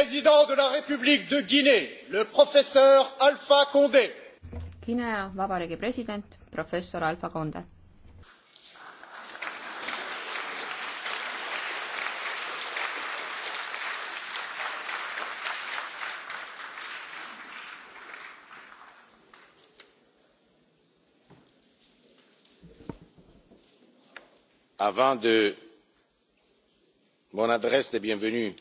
président de la République de Guinée, le professeur Alpha Condé. Guinea Vabariigi president, professor Alpha Condé. avant de mon adresse de bienvenue